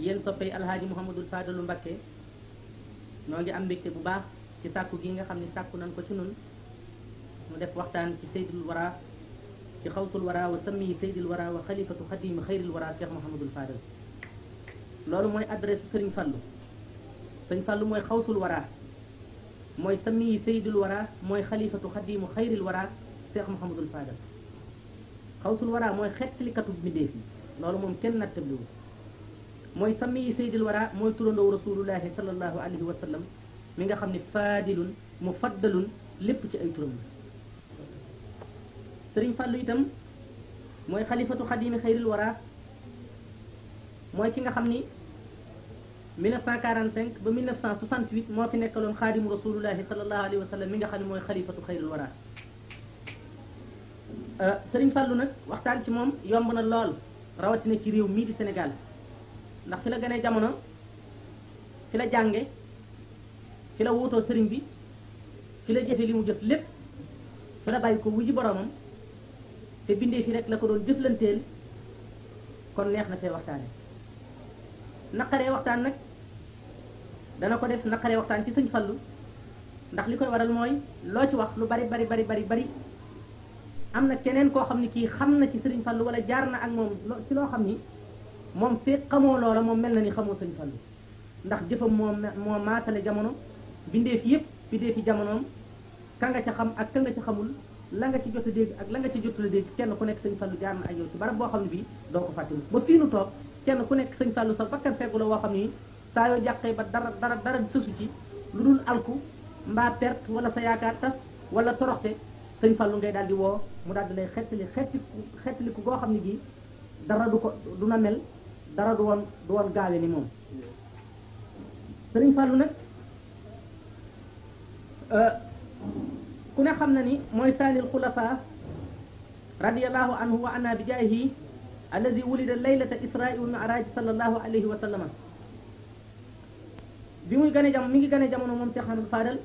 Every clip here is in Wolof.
yéen soppey alhaji mouhamadul fadalu mbakke noo ngi am mbégte bu baax ci sàkku gi nga xam ne sàkku nan ko ci nun mu def waxtaan ci seydul wara ci xawtul wara wa sami seydil wara wa xalifatu xadimi xayril wara cheikh mouhamadul fadal loolu mooy adresse sëriñ fallu sëriñ fallu mooy xawsul wara mooy sami seydul wara mooy xalifatu xadimu xayril wara cheikh mouhamadul fadal xawsul wara mooy xettlikatu mbindeef yi loolu moom kenn nattabli mooy sammi seydil wara mooy turandoow rasulullahi sallallahu alayhi wa sallam mi nga xam ne faadilun mu faddalun lépp ci ay turam la sëriñ fàllu itam mooy xalifatu xadimi xayril wara mooy ki nga xam ni 1945 ba 1968 moo fi nekkaloon xaadimu rasulullahi sallallahu alayhi wa sallam mi nga xam ne mooy xalifatu xayril wara sëriñ fàllu nag waxtaan ci moom yomb na lool rawatina ci réew mii di Sénégal ndax fi la gënee jamono fi la jànge fi la wuutoo sëriñ bi fi la jëfe li mu jëf lépp fi la bàyyi ko wuji boromam te bindee fi rek la ko doon jëflanteel kon neex na fee waxtaane naqaree waxtaan nag dana ko def naqaree waxtaan ci sëñ fallu ndax li koy waral mooy loo ci wax lu bari bari bari bari bari am na keneen koo xam ni kii xam na ci sëriñ fallu wala jaar na ak moom ci loo xam ni mom feeg xamoo loola moom mel na ni xamoo sëñ Fallu ndax jëfam moo moo maatale jamono bindee fi yëpp bindee fi jamonoom ka nga ca xam ak ka nga ca xamul la nga ci jot a dégg ak la nga ci jot a dégg kenn ku nekk sëñ Fallu jaar na ay yow ci barab boo xam ne bii doo ko fàttali ba fii nu toog kenn ku nekk sëñ Fallu sa bakkan fekku la woo xam ni saa yoo jàqee ba dara dara dara sësu ci lu dul alku mbaa perte wala sa yaakaar tas wala toroxte sëñ Fallu ngay daal di woo mu daal di lay xettali xettaliku xettaliku goo xam ne gii dara du ko du na mel dara du woon du woon gaawe ni moom sëriñ Fallou nag ku ne xam na ni mooy saanil xulafa radiallahu anhu wa anna bi jaayihi alladi wulida laylata israi wa miraaj sallallahu alayhi wa sallama bi muy gane jamono mi ngi gane jamono moom Cheikh Ahmadou Fadal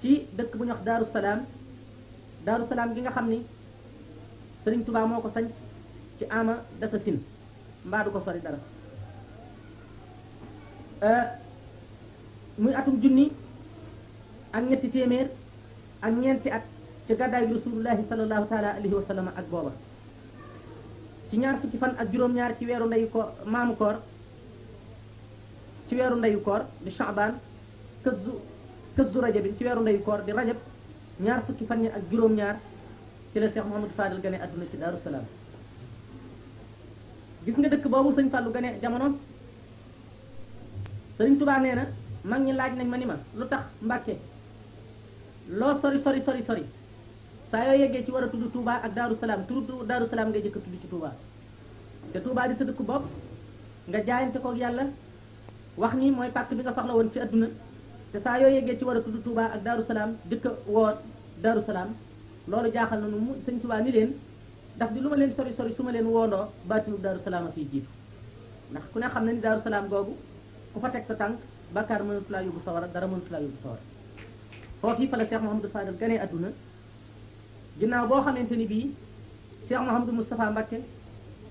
ci dëkk bu ñuy wax Daaru Salaam Daaru Salaam gi nga xam ni Sëriñ Tuubaa moo ko sanc ci ama dasa sin mbaa du ko sori dara euh, muy atum junni ak ñetti téeméer ak ñeenti at ca gàddaay rasulullahi sallallahu taala alayhi wa sallam ak booba ci ñaar fukki fan ak juróom-ñaar ci weeru ndeyu koor maamu koor ci weeru ndeyu koor di chaban kës du kës du rajab bi ci weeru ndeyu koor di rajab ñaar fukki fan yi ak juróom-ñaar ci la Cheikh Mouhamadou Fadel gane àdduna ci Daaru Salaam gis nga dëkk boobu sëñ Fallou gane jamonoom sëriñ Touba nee na mag ñi laaj nañ ma ni ma lu tax Mbàkke loo sori sori sori sori saa yoo yeggee ci war a tudd Touba ak Daaru Salaam turu Daaru Salaam ngay jëkk tudd ci Touba te Touba di sa dëkk bopp nga jaayante koog yàlla wax ni mooy pàkk bi nga soxla woon ci adduna te saa yoo yeggee ci war a tudd Touba ak Daaru Salaam jëkk woo Daaru Salaam loolu jaaxal na nu mu sëñ Touba ni leen ndax di lu ma leen sori sori su ma leen woondoo baatinu daaru salaam a jiitu ndax ku ne xam na ni daru salaam googu ku fa teg sa tànk bàkkaar mënatu laa yóbbu sawara dara mënatu laa yóbbu sawara foofii fa la Cheikh Mouhamadou Fadal gane aduna ginnaaw boo xamante ni bii Cheikh Mouhamadou Moustapha Mbacke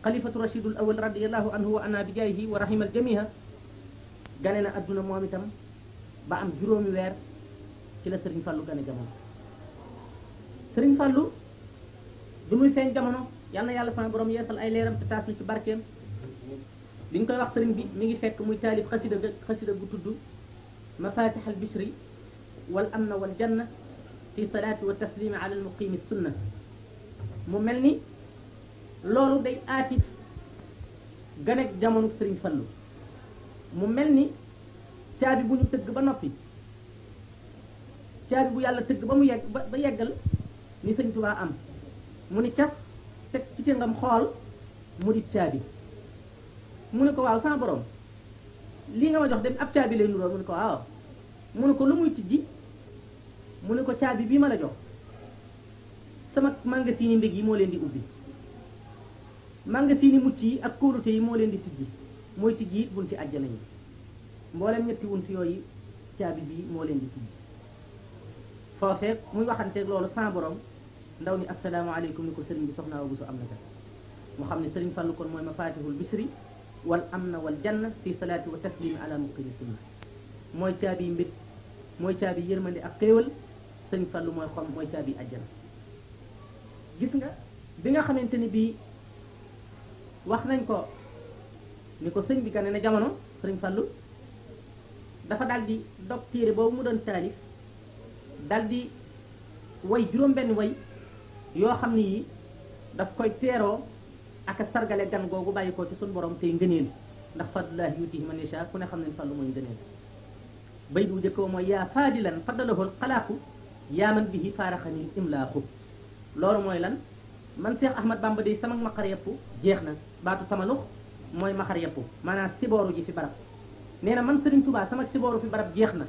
xalifatu rachidul awal radiallahu anhu wa ana bijayhi wa rahim al jamiha gane na aduna moom itam ba am juróomi weer ci la Serigne fallu gane jamono Serigne fallu du seen jamono yal yàlla sama borom yeesal ay leeram te taas ci barkeem li koy wax sëriñ bi mi ngi fekk muy taalif xasida ga gu tudd mafatih al bishri wal amna wal janna fi salaati wa taslimi ala al muqimi sunna mu mel ni day aati ganek jamono sëriñ fallu mu mel ni bu ñu tëgg ba noppi caabi bu yàlla tëgg ba mu yegg ba yeggal ni sëñ tubaa am mu ni ca teg ci ci ngam xool mu di caabi mu ne ko waaw sama borom lii nga ma jox dem ab caabi lay nuroo mu ne ko waaw mu ne ko lu muy tijji mu ne ko caabi bii ma la jox sama magasin yi mbég yi moo leen di ubbi magasin yi mucc yi ak kóolute yi moo leen di tijji mooy tijji bunti àjjana yi mboolem ñetti wunt yooyu caabi bii moo leen di tijji foofee muy waxanteeg loolu sans borom ndawni assalamu alaykum niko serigne bi soxna wu Bousso am na mo xamni serigne Fallu kon mooy mafatihul bisri wal amna wal janna fi salati wa taslim ala muqimi sunna moy caabi mbit moy caabi yermandi ak xewal serigne Fallu moy xam moy caabi ajjana gis nga bi nga xamanteni bi wax nañ ko niko serigne bi gane na jamono serigne Fallu dafa daldi di dog téere boobu mu don talif daldi way juróom benn way yoo xam ne yi daf koy teeroo ak a sargale gan googu bàyyi ko ci suñu borom tey ngëneel ndax fadlulaahi yuutiihi man yashaa ku ne xam ne fadlu mooy ngëneel bay bu njëkk mooy yaa faadilan fadalahul xalaaku yaa man bihi faaraxani imlaaku loolu mooy lan man Seex Ahmad Bamba day sama maqar yëpp jeex na baatu sama lux mooy maqar yëpp maanaam sibooru ji fi barab nee na man Sëriñ Tuubaa sama sibooru fi barab jeex na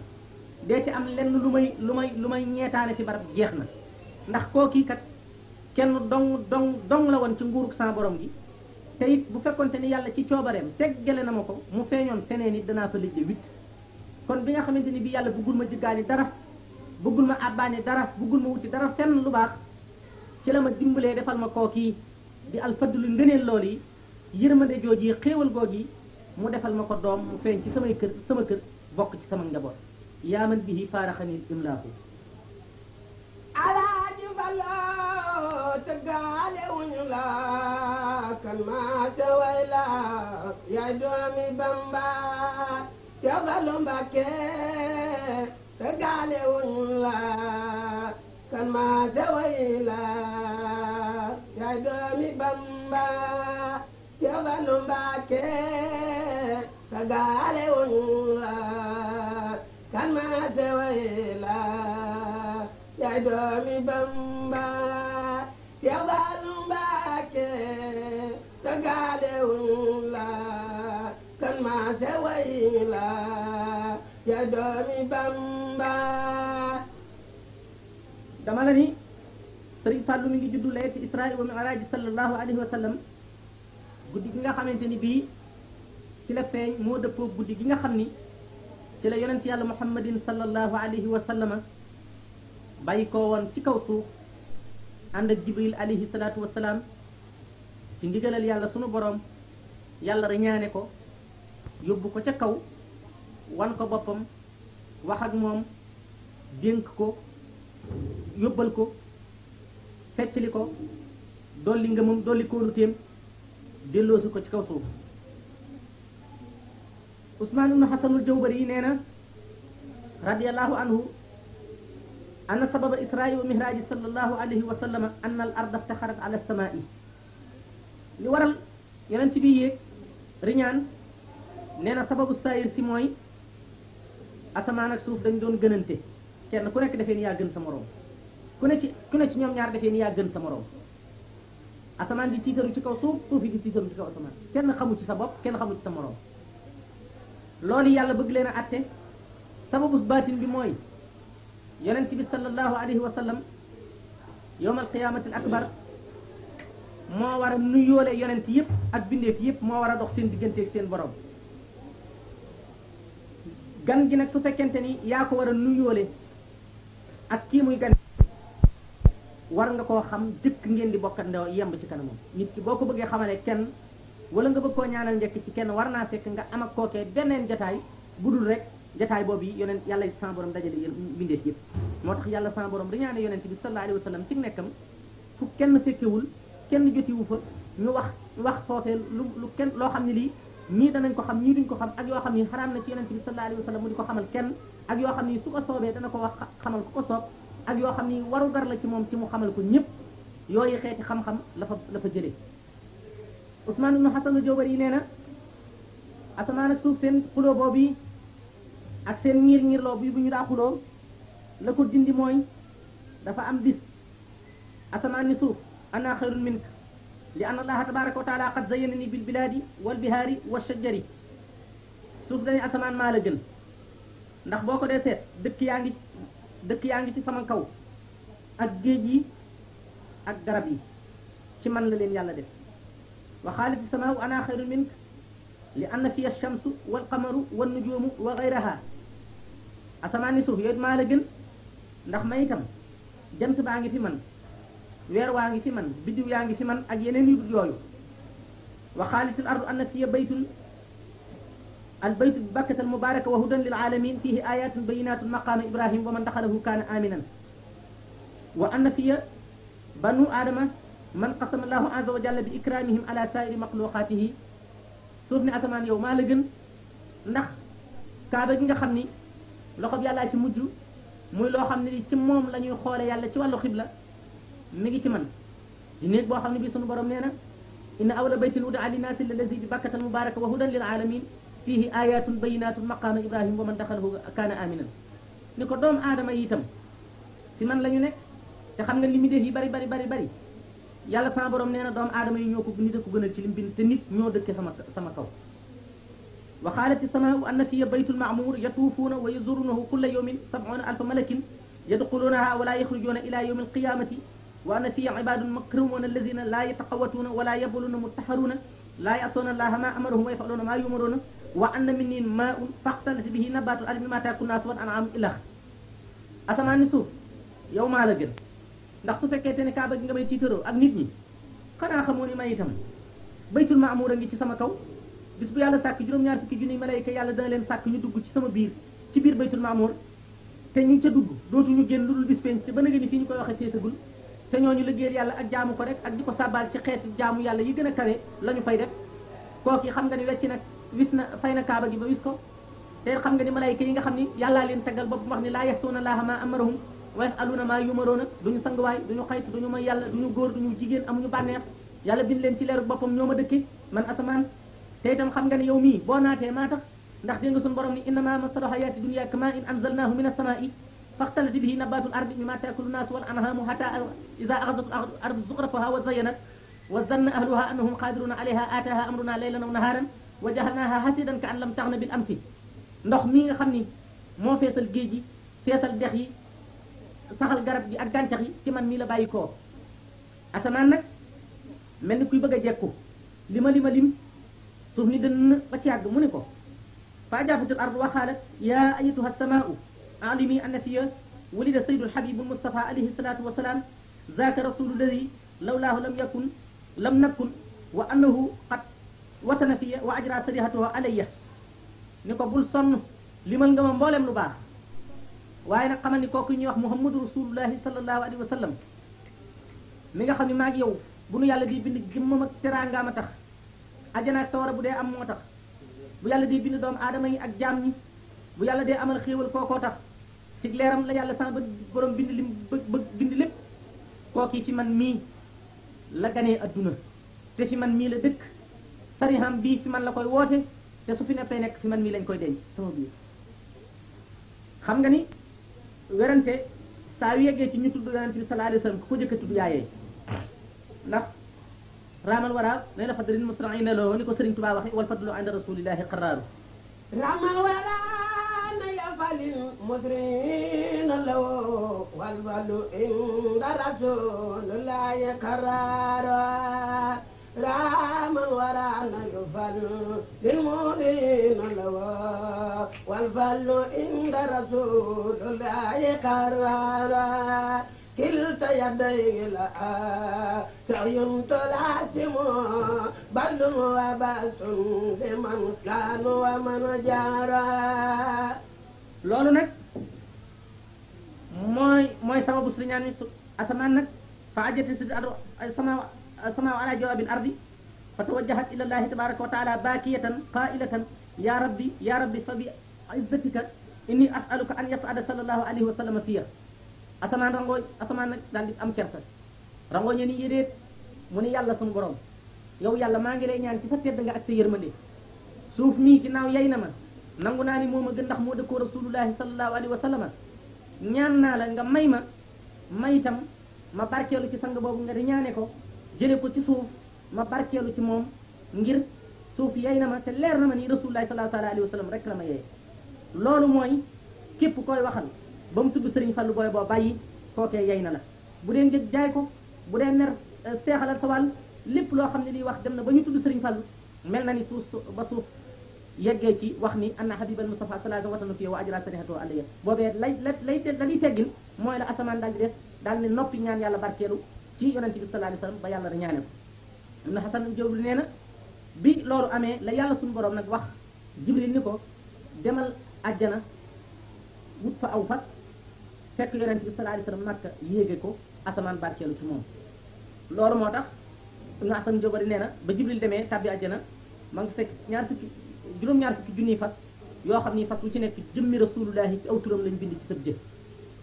dee ci am lenn lu may lu may lu may ñeetaane ci barab jeex na ndax koo kii kenn dong dong dong la woon ci nguurug sans borom gi te it bu fekkonte ni yàlla ci coobareem teggale na ma ko mu feeñoon feneen it danaa fa lijje huit kon bi nga xamante ni bi yàlla bëggul ma jëggaani dara bëggul ma àbbaani dara bëggul ma wuti dara fenn lu baax ci la ma dimbalee defal ma kookii di alfadlu ngëneel lool yi yërmande jooji xéewal goog yi mu defal ma ko doom mu feeñ ci samay kër sama kër bokk ci sama njaboot yaa man bihi faaraxanil imlaahu tëggaale wuñu la kan maa ca way la yaay doomi Bamba yow Gallo Mbakke tëggaale la kan maa ca way la yaay doomi Bamba yow Gallo Mbakke tëggaale la kan maa ca way la yaay doomi Bamba layla ya doomi Bamba dama la ni Sëriñ Fàllu mi ngi juddu layti Israa wa wa sallam guddi gi nga xamante ni bii ci la moo dëppoo guddi gi nga xam ni ci la yonent yàlla muhammadin sallallahu alayhi wa sallama bàyyi ko woon ci kaw suuf ànd ak jibril alayhi salaatu ci ndigalal yàlla sunu boroom yàlla rañaane ko yóbbu ko ca kaw wan ko boppam wax ak moom dénk ko yóbbal ko feccli ko dolli ngëmam dolli kóoluteem delloosi ko ci kaw suuf Usmaan ibnu Xasanul Jawbari nee na radiyallahu anhu anna sababa israa'i wa mihraaji sallallahu alayhi wa sallama anna al arda iftaxarat ala samaa'i li waral yonent bi yéeg riñaan nee sababu sayir si mooy asamaan ak suuf dañ doon gënante kenn ku nekk defee ni yaa gën sa morom ku ne ci ku ne ci ñoom ñaar defee ni yaa gën sa morom asamaan di tiitaru ci kaw suuf suuf di tiitaru ci kaw asamaan kenn xamu ci sa bopp kenn xamu ci sa morom loolu yàlla bëgg leen a atte sababu baatin bi mooy yonent bi sallallahu alayhi wa sallam yowm alqiyamati al akbar moo war a nuyoole yonent yëpp ak bindeef yëpp moo war a dox seen digganteeg seen borom gan gi nag su fekkente ni yaa ko war a nuyoole ak kii muy gan war nga koo xam jëkk ngeen di bokkat ndaw yemb ci kanamam nit ki boo ko bëggee xamale kenn wala nga bëgg koo ñaanal njëkk ci kenn war naa fekk nga am ak kookee beneen jataay bu dul rek jataay boobu yi yonent yàlla sama borom dajale yéen bindee moo tax yàlla sama borom riñaane yonent bi sallallahu alayhi wa sallam ci nekkam fu kenn fekkewul kenn jotiwu fa ñu wax wax foofee lu kenn loo xam ne lii ñii danañ ko xam ñii duñ ko xam ak yoo xam ni xaraam na ci yonente bi sallallahu alayhi wa sallam mu di ko xamal kenn ak yoo xam ni su ko soobee dana ko wax xamal ku ko soob ak yoo xam ni waru gar la ci moom ci mu xamal ko ñëpp yooyu xeeti xam-xam la fa la fa jëlee Ousmane ibnu Xasanu Jawbari yi nee na asamaan ak suuf seen xuloo boobu ak seen ñiir ñiirloo bi bu ñu daa xuloo la ko dindi mooy dafa am bis asamaan ni suuf ana xayrun mink لأن الله تبارك وتعالى قد زينني بالبلاد والبهار والشجر suuf dañu asamaan maa la gën ndax boo ko dee seet dëkk yaa ngi dëkk yaa ngi ci sama kaw ak géej yi ak garab yi ci man la leen yàlla def wa xaalif sama wa ana xayru mink li anna fiya shamsu wal qamaru wan nujumu wa gayraha asamaan ni suuf yooyu maa la gën ndax may itam jant baa ngi fi man weer waa ngi fi man biddiw yaa ngi fi man ak yeneen yu yooyu wa xaalisil ardu annasiya baytun البيت ببكة المباركة وهدى للعالمين فيه آيات بينات مقام إبراهيم ومن دخله كان آمنا وأن في بنو آدم من قسم الله عز وجل بإكرامهم على سائر مخلوقاته سورني أتمان يوم لغن نخ كابا جنجا خمني لقب يالا ci mujju muy lo xamni ci mom lañuy xolé yalla ci walu xibla mi ngi ci man di néeg boo xam ne bii sunu borom nee na inna awla baytil wudaa linnaasi allazi bi bakkata mubaraka wa hudan lil alamin fihi ayatun bayinatun maqaama ibrahim wa man daxalahu kaana aminan ni ko doom aadama yi itam ci man la ñu nekk te xam nga li mu def yi bari bari bari bari yàlla sama borom nee na doom aadama yi ñoo ko nit a ko gënal ci lim bind te nit ñoo dëkke sama sama kaw wa xaalat samaau anna fiya baytul maamuur yatuufuuna wa yazurunahu kulla yawmin sabuuna alfa malakin yadxuluunaha wala yaxrujuuna ila yawmi alqiyamati وأن في عباد مكرمون الذين لا يتقوتون ولا يبولون متحرون لا يعصون الله ما أمرهم ويفعلون ما يؤمرون وأن مني ماء فاختلط به نبات الأرض مما تاكل الناس والأنعام إلى آخره asamaan suuf yow maa la gën ndax su fekkee te ne kaaba gi nga may tiitaroo ak nit ñi xanaa xamoo ni may itam baytul maamuur a ngi ci sama kaw bis bu yàlla sàkk juróom-ñaar fukki junni malayka yàlla dana leen sàkk ñu dugg ci sama biir ci biir baytul maamuur te ñu ca dugg dootuñu génn lu dul bis penc te ba nga ni fii ñu koy waxe seetagul te ñooñu liggéeyal yàlla ak jaamu ko rek ak di ko sàbbaal ci xeeti jaamu yàlla yi gën a kawe la ñu fay def kooki xam nga ni wecc nag wis na fay na kaaba gi ba wis ko te xam nga ni malayka yi nga xam ni yàllaa leen taggal boppam wax ni laa yasuuna laaha ma amarahum wa yafaluuna maa yumaroona duñu sanguwaay duñu xaytu duñu may yàlla duñu góor duñu jigéen amuñu bànneex yàlla bind leen ci leeru boppam ñoo ma dëkke man asamaan te itam xam nga ni yow mii boo naatee maa tax ndax dégg nga suñu borom ni innama masalu hayaati dunya kama in anzalnaahu min assamaa'i فاختلت به نبات الارض بما تاكل الناس والانهام حتى اذا اخذت الارض زخرفها وزينت وظن اهلها انهم قادرون عليها اتاها امرنا ليلا ونهارا وجعلناها حسيدا كان لم تغن بالامس ndox mi nga xam ni moo feesal géej gi feesal dex yi saxal garab gi ak gàncax yi ci man mii la bàyyi koo asamaan nag mel ni kuy bëgg a jekku lima lima lim suuf ni dënn ba ci yàgg mu ni ko fa jaafatil ardu waxaalat yaa ayatuha samaau عالمي النفي ولد سيد الحبيب المصطفى عليه الصلاة والسلام ذاك رسول الذي لولاه لم يكن لم نكن وأنه قد وطن في وأجرى سريحته علي نكو بول صن لمن غم مبولم لبا وين قام نكو كي نيوخ محمد رسول الله صلى الله عليه وسلم ميغا خامي ماك يو بونو يالا دي بين گيم ماك تيرانغا ما تخ اجنا سوره بودي ام موتخ بو يالا دي بين دوم ادمي اك جامني بو يالا دي امال خيوول كوكو تخ ci la yàlla sama ba borom bind lim bëgg bind lépp kooki fi man mii la ganee adduna te fi man mii la dëkk sariham bii fi man la koy woote te su fi nekk fi man mii lañ koy denc sama biir xam nga ni werante saa yu yeggee ci ñu tudd yonente bi sallallahu alayhi wasallam ku ko jëkk a tudd yaayee ndax raamal wara nee na fadlin musraina loo ni ko Sëriñ Tuubaa waxe wal fadlu inda rasulillahi qaraaru raamal wara فللمسرين له والبل عند رسول الله قرار راما ورانا يفل للمسرين له والبل عند رسول الله قرار كلتا يديه لها سعي تلاسم بل وباس لمن كان ومن جرى loolu nag mooy mooy sama bus li ñaan mi su asamaan nag fa ajjati si adu sama sama ala jawaabil ardi fa tawajjahat ila llahi tabaraka wa taala baakiyatan qailatan ya rabbi fa bi izzatika inni asaluka an yasada sallallahu alayhi wa sallam fiya asamaan rangooñ asamaan nag daal am kersa rangooñ ni yédeet mu ni yàlla sunu borom yow yàlla maa ngi lay ñaan ci sa nga ak sa suuf mii ginnaaw yay na ma nangu naa ni moom a gën ndax moo dëkkoo rasulullahi sallallahu alayhi wa sallam ñaan naa la nga may ma may ma barkeelu ci sang boobu nga di ñaane ko jële ko ci suuf ma barkeelu ci moom ngir suuf yey na ma te leer na ma ni rasulullahi sallallahu alayhi wa sallam rek la ma yee loolu mooy képp koy waxal ba mu tudd sëriñ Fallu booy boo bàyyi kookee yey na la bu dee njëg jaay ko bu dee mer euh, seexalal sa wàll lépp loo xam ne liy wax dem na ba ñu tudd sëriñ Fallu mel na ni suuf ba yeggee ci wax ni am anna habibal Mustafa salasa watanu fii wa ajra sarihatoo àlla ya boobee lay la lay la ñuy teggil mooy la asamaan daal di def daal ne noppi ñaan yàlla barkeelu ci yonente bi sallallahu alayhi wasallam ba yàlla ñaane ko ibnu hasan jawlu nee na bi loolu amee la yàlla suñu borom nag wax jibril ko demal ajjana wut fa aw fa fekk yonente ko asamaan barkeelu ci moom moo tax ibnu hasan jawlu nee na ba jibril demee tabbi ajjana ma ngi fekk ñaar fukki جروم نيار فك جوني فك يو خامني فك لو سي نيك رسول الله او تورم لا نبي سي سب جيم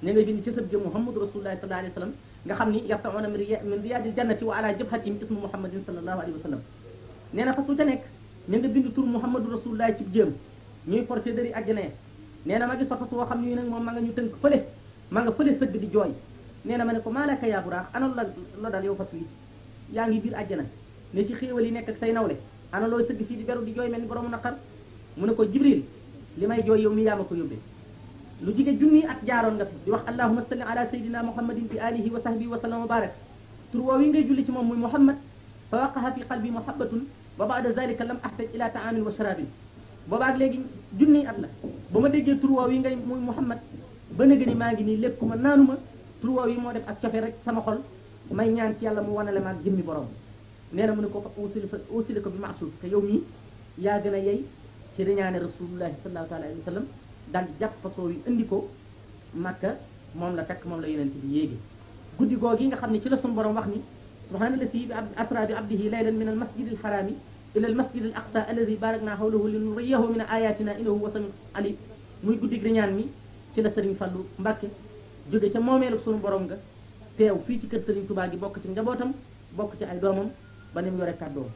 نيغا محمد رسول الله صلى الله عليه وسلم غا خامني يا تاونا من رياض من رياض الجنه وعلى جبهه اسم محمد صلى الله عليه وسلم نينا فك لو سي نيك تور محمد رسول الله سي جيم ني فورتي دري ادنا نينا ماغي صفا سو خامني نك مام ماغا ني تنك فلي ماغا فلي سد دي جوي نينا مانيكو مالك يا براخ انا لا لا دال يو فاسوي بير ادنا ني سي خيوالي نيك ana looy sëgg fii di beru di jooy mel ni boroomu naqar mu ne ko jibril li may jooy yow mi yaa ma ko yóbbee lu jige junni ak jaaroon nga fi di wax allahuma salli ala sayidina muhammadin bi alihi wa sahbihi wa sallam wa barak tur woowi julli ci moom muy muhammad fa waqaha fi qalbi muhabbatun wa baada zalika lam ahtaj ila taamin wa sharabin boobaak léegi junni at la ba ma déggee tur woowi ngay muy muhammad ba nëga ni maa ngi nii ma naanuma tur woowi moo def ak cofe rek sama xol may ñaan ci yàlla mu wanale maag jëmmi borom nee na mu ne ko ausili ko bi maasuuf te yow mii yaa gën a yey ci riñaane rasulullahi sallallahu alayhi wa sallam daal di jàpp fasoo yi indi ko màkka moom la takk moom la yonent bi yéegi guddi googi nga xam ne ci la sunu borom wax ni subhaana alladi bi asra bi abdihi laylan min al masjid al harami ila al masjid al aqsa alladi barakna hawlahu linuriyahu min ayatina innahu huwa samiu alim muy guddi riñaan mi ci la sëriñ Fallu Mbàkke jóge ca moomeelu sunu borom nga teew fii ci kër sëriñ Tubaa gi bokk ci njabootam bokk ci ay doomam ba ni mu yore kàddoom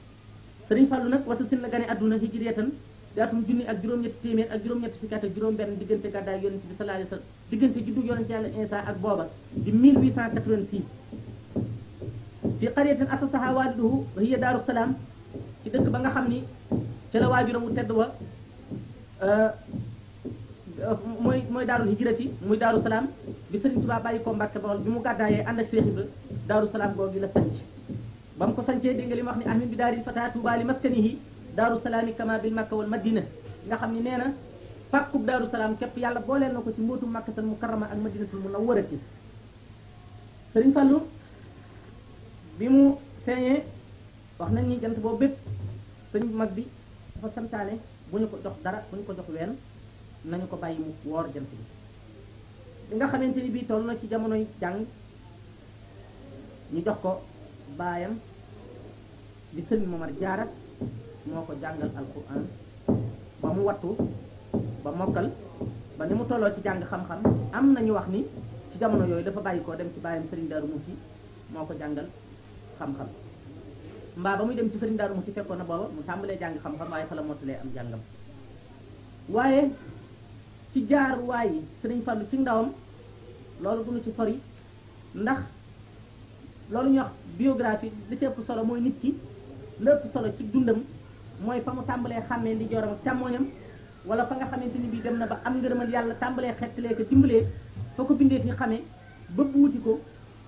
sëriñ Fallou nag wasa sin la gane adduna hijriyatan di atum junni ak juróom-ñetti téeméer ak juróom-ñetti fukki at ak juróom-benn diggante gàddaay yonent bi sallallahu alayhi wa diggante juddu yonent yàlla Insa ak booba di 1886 fi qaryatin asasaha waaliduhu hiya daaru salaam ci dëkk ba nga xam ni ca la waajuram wu tedd wa euh, euh, mooy mooy daarul hijrati muy daaru salaam bi Sëriñ Tuubaa bàyyi ko Mbàkke Bawol bi mu gàddaayee ànd ak Seex Ibra daaru salaam googu la sanc ba mu ko sancee dégg nga li mu wax ne ahmin bi daaril fata tuuba li maskanihi daaru salaami kama bil makka wal madina nga xam ne nee na pàkkub daaru salaam képp yàlla booleel na ko ci mbootu makkatal mukarrama ak madinatul munawwarati sëriñ Fallou bi mu feeñee wax nañ ni jant boobu bépp sëñ mag bi dafa santaane bu ñu ko jox dara bu ñu ko jox ween nañu ko bàyyi mu woor jant bi nga xamante ni bii toll na ci jamonoy jàng ñu jox ko baayam di sëriñ Momar jaaral moo ko jàngal alquran ba mu wattu ba mokkal ba ni mu tolloo ci jàng xam-xam am na ñu wax ni ci jamono yooyu dafa bàyyi koo dem ci bàyyam sëriñ Daaru Muxti moo ko jàngal xam-xam mbaa ba muy dem ci sëriñ Daaru Muxti fekkoon na booba mu sàmbalee jàng xam-xam waaye fa la mottalee am jàngam waaye ci jaar waaye sëriñ Fallu ci ndawam loolu du ci sori ndax loolu ñu wax biographie li ci ëpp solo mooy nit ki lépp solo ci dundam mooy fa mu tàmbalee xàmmee ndi joram ak càmmoñam wala fa nga xamante ni bii dem na ba am ngërëmal yàlla tàmbalee xettalee ko dimbalee fa ko bindee fi xamee ba wuti ko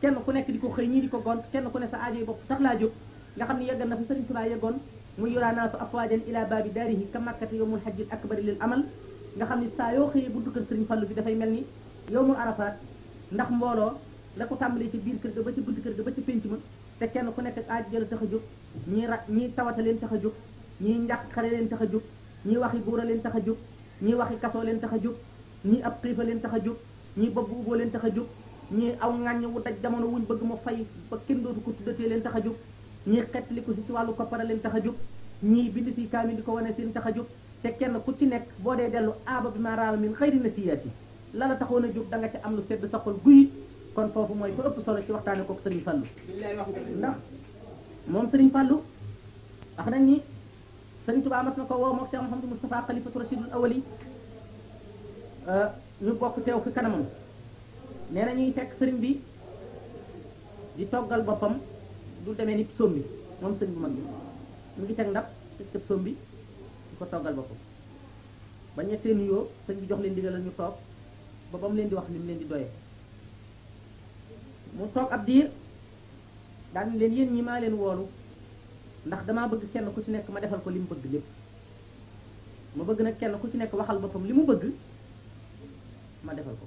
kenn ku nekk di ko xëy ñii di ko gont kenn ku ne sa ajo yi bopp tax laa jóg nga xam ne yeggal na fa sëriñ Tuubaa yeggoon mu yuraanaasu afwaajan ila baabi daarihi ka màkkati yowmul ak akbari lil amal nga xam ne saa yoo xëyee bu duggal sëriñ Fallu bi dafay mel ni yowmul arafaat ndax mbooloo la ko tàmbalee ci biir kër ba ci buntu ba ci pénc ma te kenn ku nekk ak aajjëla tax a jóg ñii ra ñii tawata leen tax a jóg ñii njàqare leen tax a jóg ñii waxi buura leen tax a jóg ñii waxi kasoo leen tax a jóg ñii ab xiifa leen tax a jóg ñii bopp bu uboo leen tax a jóg ñii aw ŋàññ wu daj jamono wuñ bëgg ma fay ba kenn dootu ko tuddatee leen tax a jóg ñii xettliku si ci wàllu koppara leen tax a jóg ñii bind si kaami di ko wane seen tax a jóg te kenn ku ci nekk boo dee dellu aaba bi ma raala min xëyri na siyaati la la taxoon a jóg da nga ca am lu sedd sa xol guyi kon foofu mooy ku ëpp solo ci waxtaane ko Sëriñ Fallu ndax moom Sëriñ Fallu wax nañ ni Sëriñ Tuubaa mas na ko woo mook Cheikh Mouhamadou Moustapha xalifatu rasidul awali euh, ñu bokk teew fi kanamam nee na ñuy fekk sëriñ bi di toggal boppam du demee ni soom bi moom sëriñ bu mag bi mu ngi teg ndab teg tëb soom bi di ko toggal boppam ba ñettee nuyoo sëriñ bi jox leen digalal ñu toog ba ba mu leen di wax li leen di doyee mu toog ab diir daan leen yéen ñi maa leen woolu ndax damaa bëgg kenn ku ci nekk ma defal ko li mu bëgg lépp ma bëgg nag kenn ku ci nekk waxal boppam li mu bëgg ma defal ko